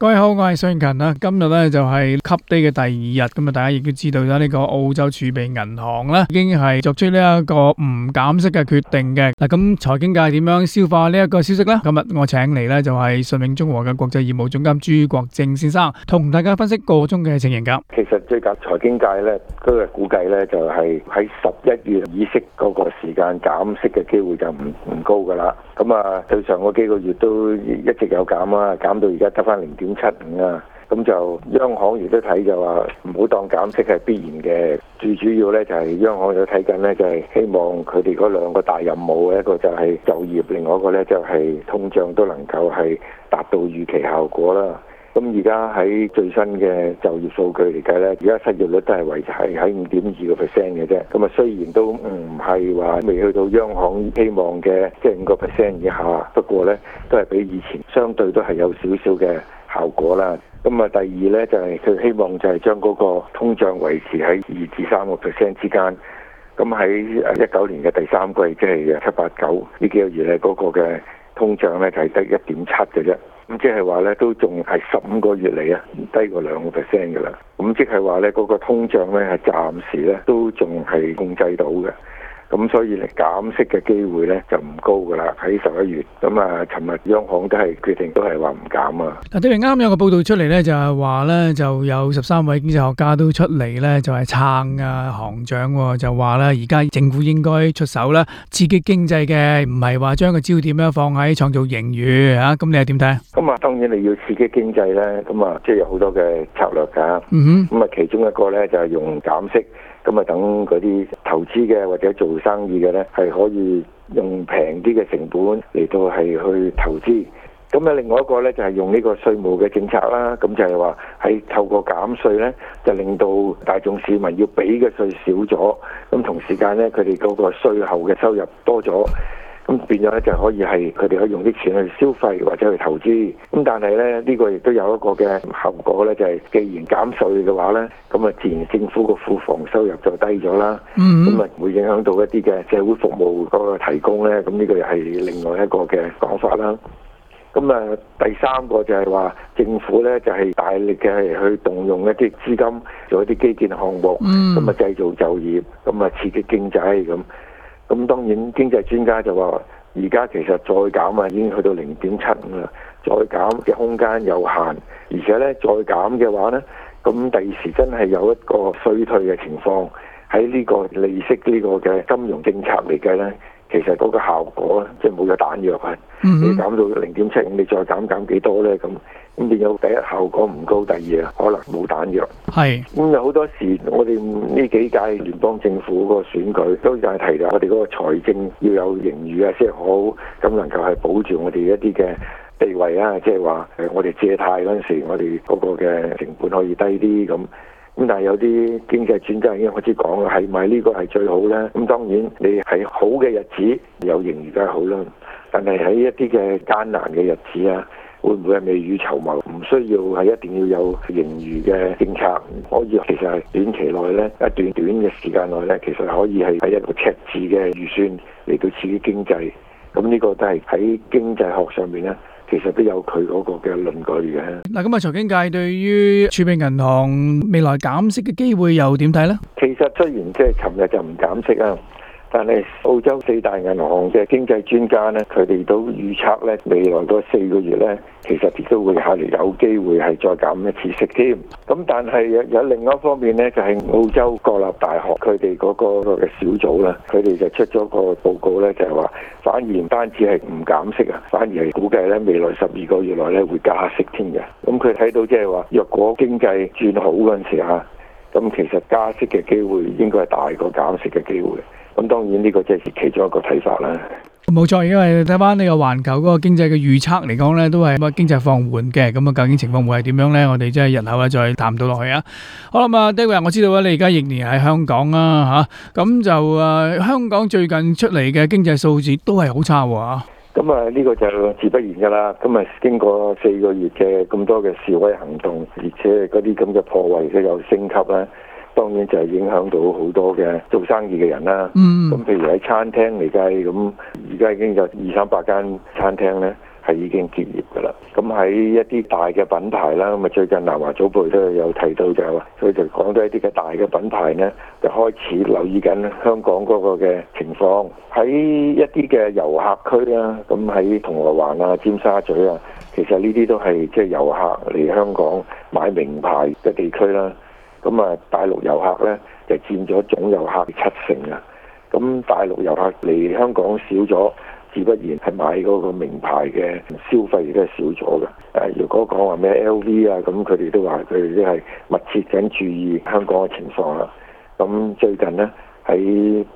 各位好，我係尚勤啦，今日咧就係吸低嘅第二日，咁啊，大家亦都知道啦，呢個澳洲儲備銀行咧已經係作出呢一個唔減息嘅決定嘅。嗱，咁財經界點樣消化呢一個消息咧？今日我請嚟咧就係信永中和嘅國際業務總監朱國正先生，同大家分析個中嘅情形噶。其實最近財經界咧，都係估計咧就係喺十一月議息嗰個時間減息嘅機會就唔唔高噶啦。咁啊，對上嗰幾個月都一直有減啦，減到而家得翻零點。五七五啊，咁就央行亦都睇就話唔好當減息係必然嘅，最主要咧就係、是、央行亦都睇緊咧，就係、是、希望佢哋嗰兩個大任務，一個就係就業，另外一個咧就係、是、通脹都能夠係達到預期效果啦。咁而家喺最新嘅就業數據嚟，計咧，而家失業率都係維持喺五點二個 percent 嘅啫。咁啊，雖然都唔係話未去到央行希望嘅即係五個 percent 以下，不過咧都係比以前相對都係有少少嘅。效果啦，咁啊第二呢，就係佢希望就係將嗰個通脹維持喺二至三個 percent 之間。咁喺一九年嘅第三季，即係七、八、九呢幾個月呢，嗰個嘅通脹呢就係得一點七嘅啫。咁即係話呢，都仲係十五個月嚟啊，低過兩個 percent 嘅啦。咁即係話呢，嗰個通脹呢係暫時呢都仲係控制到嘅。咁所以嚟減息嘅機會咧就唔高噶啦，喺十一月。咁啊，尋日央行都係決定都係話唔減啊。嗱、啊，啲人啱有個報道出嚟咧，就係話咧，就有十三位經濟學家都出嚟咧，就係、是、撐啊行長、哦，就話咧，而家政府應該出手啦，刺激經濟嘅，唔係話將個焦點咧放喺創造盈餘嚇。咁、啊、你又點睇？咁啊，嗯、哼當然你要刺激經濟咧，咁啊，即係有好多嘅策略噶。嗯咁啊，其中一個咧就係、是、用減息。咁啊，等嗰啲投資嘅或者做生意嘅咧，係可以用平啲嘅成本嚟到係去投資。咁啊，另外一個咧就係、是、用呢個稅務嘅政策啦。咁就係話，喺透過減稅咧，就令到大眾市民要俾嘅稅少咗。咁同時間咧，佢哋嗰個稅後嘅收入多咗。咁變咗咧，就可以係佢哋可以用啲錢去消費或者去投資。咁但係咧，呢個亦都有一個嘅後果咧，就係既然減稅嘅話咧，咁啊自然政府個庫房收入就低咗啦。嗯。咁啊，會影響到一啲嘅社會服務嗰個提供咧。咁呢個又係另外一個嘅講法啦。咁啊，第三個就係話政府咧，就係大力嘅去動用一啲資金做一啲基建項目。咁啊，製造就業，咁啊，刺激經濟咁。咁當然經濟專家就話，而家其實再減啊，已經去到零點七五啦，再減嘅空間有限，而且咧再減嘅話咧，咁第二時真係有一個衰退嘅情況喺呢個利息呢個嘅金融政策嚟計咧。其實嗰個效果即係冇咗彈藥啊！嗯、哼你減到零點七五，你再減減幾多咧？咁咁你有第一效果唔高，第二啊可能冇彈藥。係咁是有好多時，我哋呢幾屆聯邦政府個選舉都就係提到，我哋嗰個財政要有盈餘啊，即係好咁能夠係保住我哋一啲嘅地位啊！即係話誒，我哋借貸嗰陣時，我哋嗰個嘅成本可以低啲咁。咁但係有啲經濟專家已經開始講啦，係咪呢個係最好呢？咁當然你喺好嘅日子有盈餘梗係好啦，但係喺一啲嘅艱難嘅日子啊，會唔會係未雨綢繆？唔需要係一定要有盈餘嘅政策，可以其實係短期內呢，一段短嘅時間內呢，其實可以係喺一個赤字嘅預算嚟到刺激經濟。咁呢個都係喺經濟學上面咧，其實都有佢嗰個嘅論據嘅。嗱，咁啊，財經界對於儲備銀行未來減息嘅機會又點睇呢？其實雖然即係尋日就唔減息啊。但係澳洲四大銀行嘅經濟專家咧，佢哋都預測咧，未來嗰四個月咧，其實亦都會下嚟有機會係再減一次息添。咁但係有，有另外一方面咧，就係澳洲國立大學佢哋嗰個嘅小組咧，佢哋就出咗個報告咧，就係話反而唔單止係唔減息啊，反而係估計咧未來十二個月內咧會加息添嘅。咁佢睇到即係話，若果經濟轉好嗰陣時嚇，咁其實加息嘅機會應該係大過減息嘅機會。咁當然呢個即係其中一個睇法啦。冇錯，因為睇翻呢個環球嗰個經濟嘅預測嚟講咧，都係經濟放緩嘅。咁啊，究竟情況會係點樣咧？我哋即係日後咧再談到落去啊。好啦嘛，David，我知道啊，你而家仍然喺香港啊嚇。咁就啊，香港最近出嚟嘅經濟數字都係好差喎。咁啊，呢個就自不然噶啦。咁啊，經過四個月嘅咁多嘅示威行動，而且嗰啲咁嘅破壞嘅又升級啦。當然就係影響到好多嘅做生意嘅人啦。咁、嗯、譬如喺餐廳嚟計，咁而家已經有二三百間餐廳咧，係已經結業㗎啦。咁喺一啲大嘅品牌啦，咁啊最近南華早報都有提到就話，佢就講咗一啲嘅大嘅品牌咧，就開始留意緊香港嗰個嘅情況。喺一啲嘅遊客區啦，咁喺銅鑼灣啊、尖沙咀啊，其實呢啲都係即係遊客嚟香港買名牌嘅地區啦。咁啊，大陸遊客咧就佔咗總遊客七成啦。咁大陸遊客嚟香港少咗，自不然係買嗰個名牌嘅消費亦都係少咗嘅。誒、啊，如果講話咩 LV 啊，咁佢哋都話佢哋都係密切緊注意香港嘅情況啦。咁最近呢，喺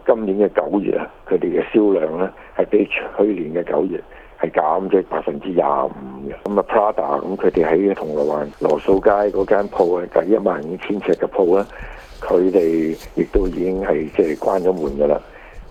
今年嘅九月啊，佢哋嘅銷量咧係比去年嘅九月，係減啫，百分之廿五嘅。咁啊，Prada 咁，佢哋喺銅鑼灣羅素街嗰間鋪啊，計一萬五千尺嘅鋪咧，佢哋亦都已經係即係關咗門噶啦。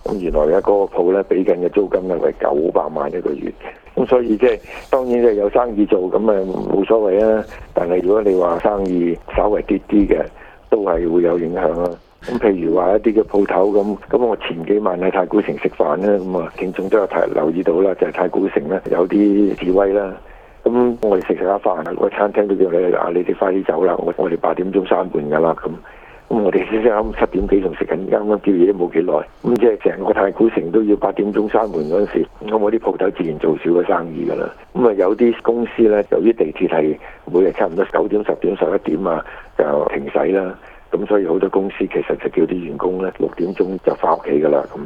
咁原來咧，嗰個鋪咧俾緊嘅租金咧，為九百萬一個月。咁所以即係當然即係有生意做咁，誒，冇所謂啊。但係如果你話生意稍微跌啲嘅，都係會有影響啊。咁譬如話一啲嘅鋪頭咁，咁我前幾晚喺太古城食飯咧，咁啊，聽眾都有太留意到啦，就係太古城咧有啲示威啦。咁我哋食食下飯，個餐廳都叫你啊，你哋快啲走啦，我我哋八點鐘閂門㗎啦。咁咁我哋先啱七點幾，仲食緊，啱啱叫嘢都冇幾耐。咁即係成個太古城都要八點鐘閂門嗰陣時，咁我啲鋪頭自然做少嘅生意㗎啦。咁啊有啲公司咧，由於地鐵係每日差唔多九點、十點、十一點啊，就停駛啦。咁所以好多公司其實就叫啲員工咧，六點鐘就翻屋企噶啦。咁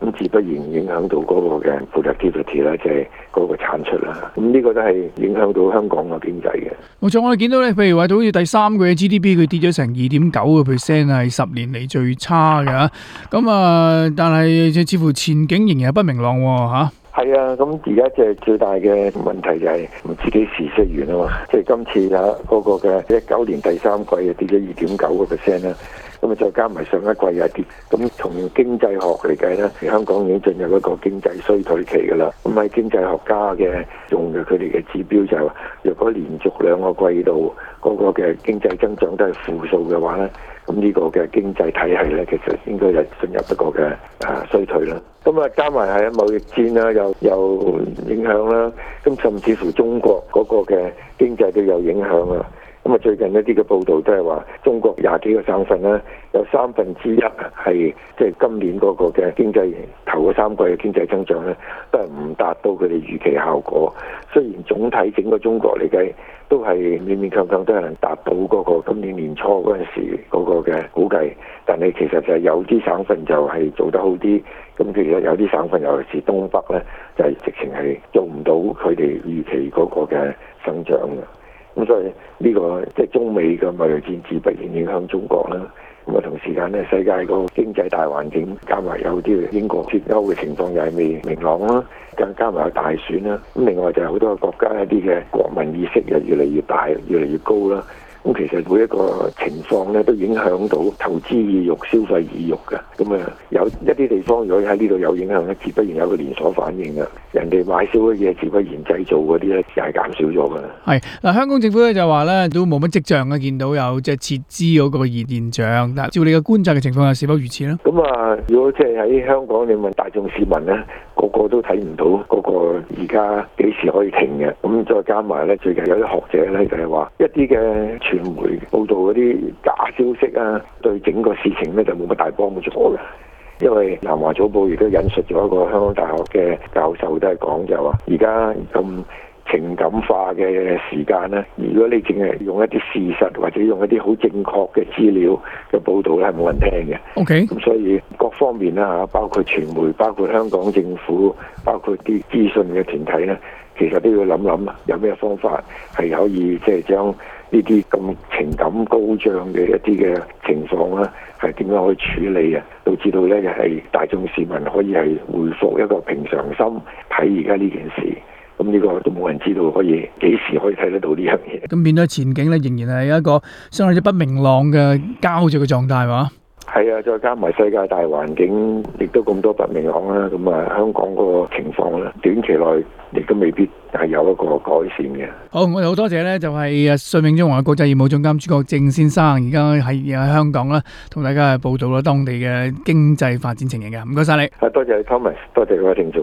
咁自不然影響到嗰個嘅 productivity 咧，即係嗰個產出啦。咁呢個都係影響到香港嘅經濟嘅。冇錯，嗯、我哋見到咧，譬如話到好似第三個月 GDP 佢跌咗成二點九個 percent 係十年嚟最差嘅，咁啊，但係即似乎前景仍然係不明朗喎，啊，啊係啊，咁而家即係最大嘅問題就係自己幾時息完啊嘛，即係今次嚇嗰個嘅一九年第三季啊跌咗二點九個 percent 啊。咁啊，再加埋上，上一季又跌，咁從經濟學嚟計咧，香港已經進入一個經濟衰退期㗎喇。咁喺經濟學家嘅用嘅佢哋嘅指標就係、是、話，若果連續兩個季度嗰、那個嘅經濟增長都係負數嘅話咧，咁呢個嘅經濟體系咧，其實應該就進入一個嘅啊衰退啦。咁啊，加埋係啊，貿易戰啦，又有影響啦，咁甚至乎中國嗰個嘅經濟都有影響啦。咁啊，最近一啲嘅報道都係話，中國廿幾個省份咧，有三分之一係即係今年嗰個嘅經濟頭三季嘅經濟增長咧，都係唔達到佢哋預期效果。雖然總體整個中國嚟計都係勉勉強強都係能達到嗰個今年年初嗰陣時嗰個嘅估計，但係其實就係有啲省份就係做得好啲，咁其實有啲省份尤其是東北咧，就係直情係做唔到佢哋預期嗰個嘅增長㗎。咁所以呢個即係中美嘅貿易戰，自然影響中國啦。咁啊同時間咧，世界個經濟大環境加埋有啲英國脱歐嘅情況又係未明朗啦，更加埋有大選啦。咁另外就係好多個國家一啲嘅國民意識又越嚟越大，越嚟越高啦。咁其實每一個情況咧，都影響到投資意欲、消費意欲嘅。咁啊，有一啲地方如果喺呢度有影響咧，自不然有個連鎖反應啦。人哋買少嘅嘢，自不然製造嗰啲咧，又係減少咗嘅。係嗱，香港政府咧就話咧都冇乜跡象啊，見到有即係撤資嗰個現象。嗱，照你嘅觀察嘅情況下，又是否如此咧？咁啊，如果即係喺香港，你問大眾市民咧，個個都睇唔到嗰個而家幾時可以停嘅。咁再加埋咧，最近有啲學者咧就係話一啲嘅。傳媒報道嗰啲假消息啊，對整個事情咧就冇乜大幫助嘅，因為南華早報亦都引述咗一個香港大學嘅教授都係講就話，而家咁。情感化嘅時間咧，如果你淨係用一啲事實或者用一啲好正確嘅資料嘅報導咧，係冇人聽嘅。O K，咁所以各方面啦，嚇，包括傳媒、包括香港政府、包括啲資訊嘅團體咧，其實都要諗諗啊，有咩方法係可以即係將呢啲咁情感高漲嘅一啲嘅情況咧，係點樣去處理啊？導致到咧係大眾市民可以係回復一個平常心睇而家呢件事。咁呢個都冇人知道，可以幾時可以睇得到呢樣嘢？咁變咗前景咧，仍然係一個相對之不明朗嘅膠着嘅狀態，係嘛？係啊，再加埋世界大環境亦都咁多不明朗啦。咁啊，香港嗰個情況咧，短期內亦都未必係有一個改善嘅。好，我哋好多謝咧，就係啊信永中行嘅國際業務總監朱國正先生，而家喺喺香港啦，同大家係報道咗當地嘅經濟發展情形嘅。唔該晒你。啊，多謝 Thomas，多謝各位聽眾。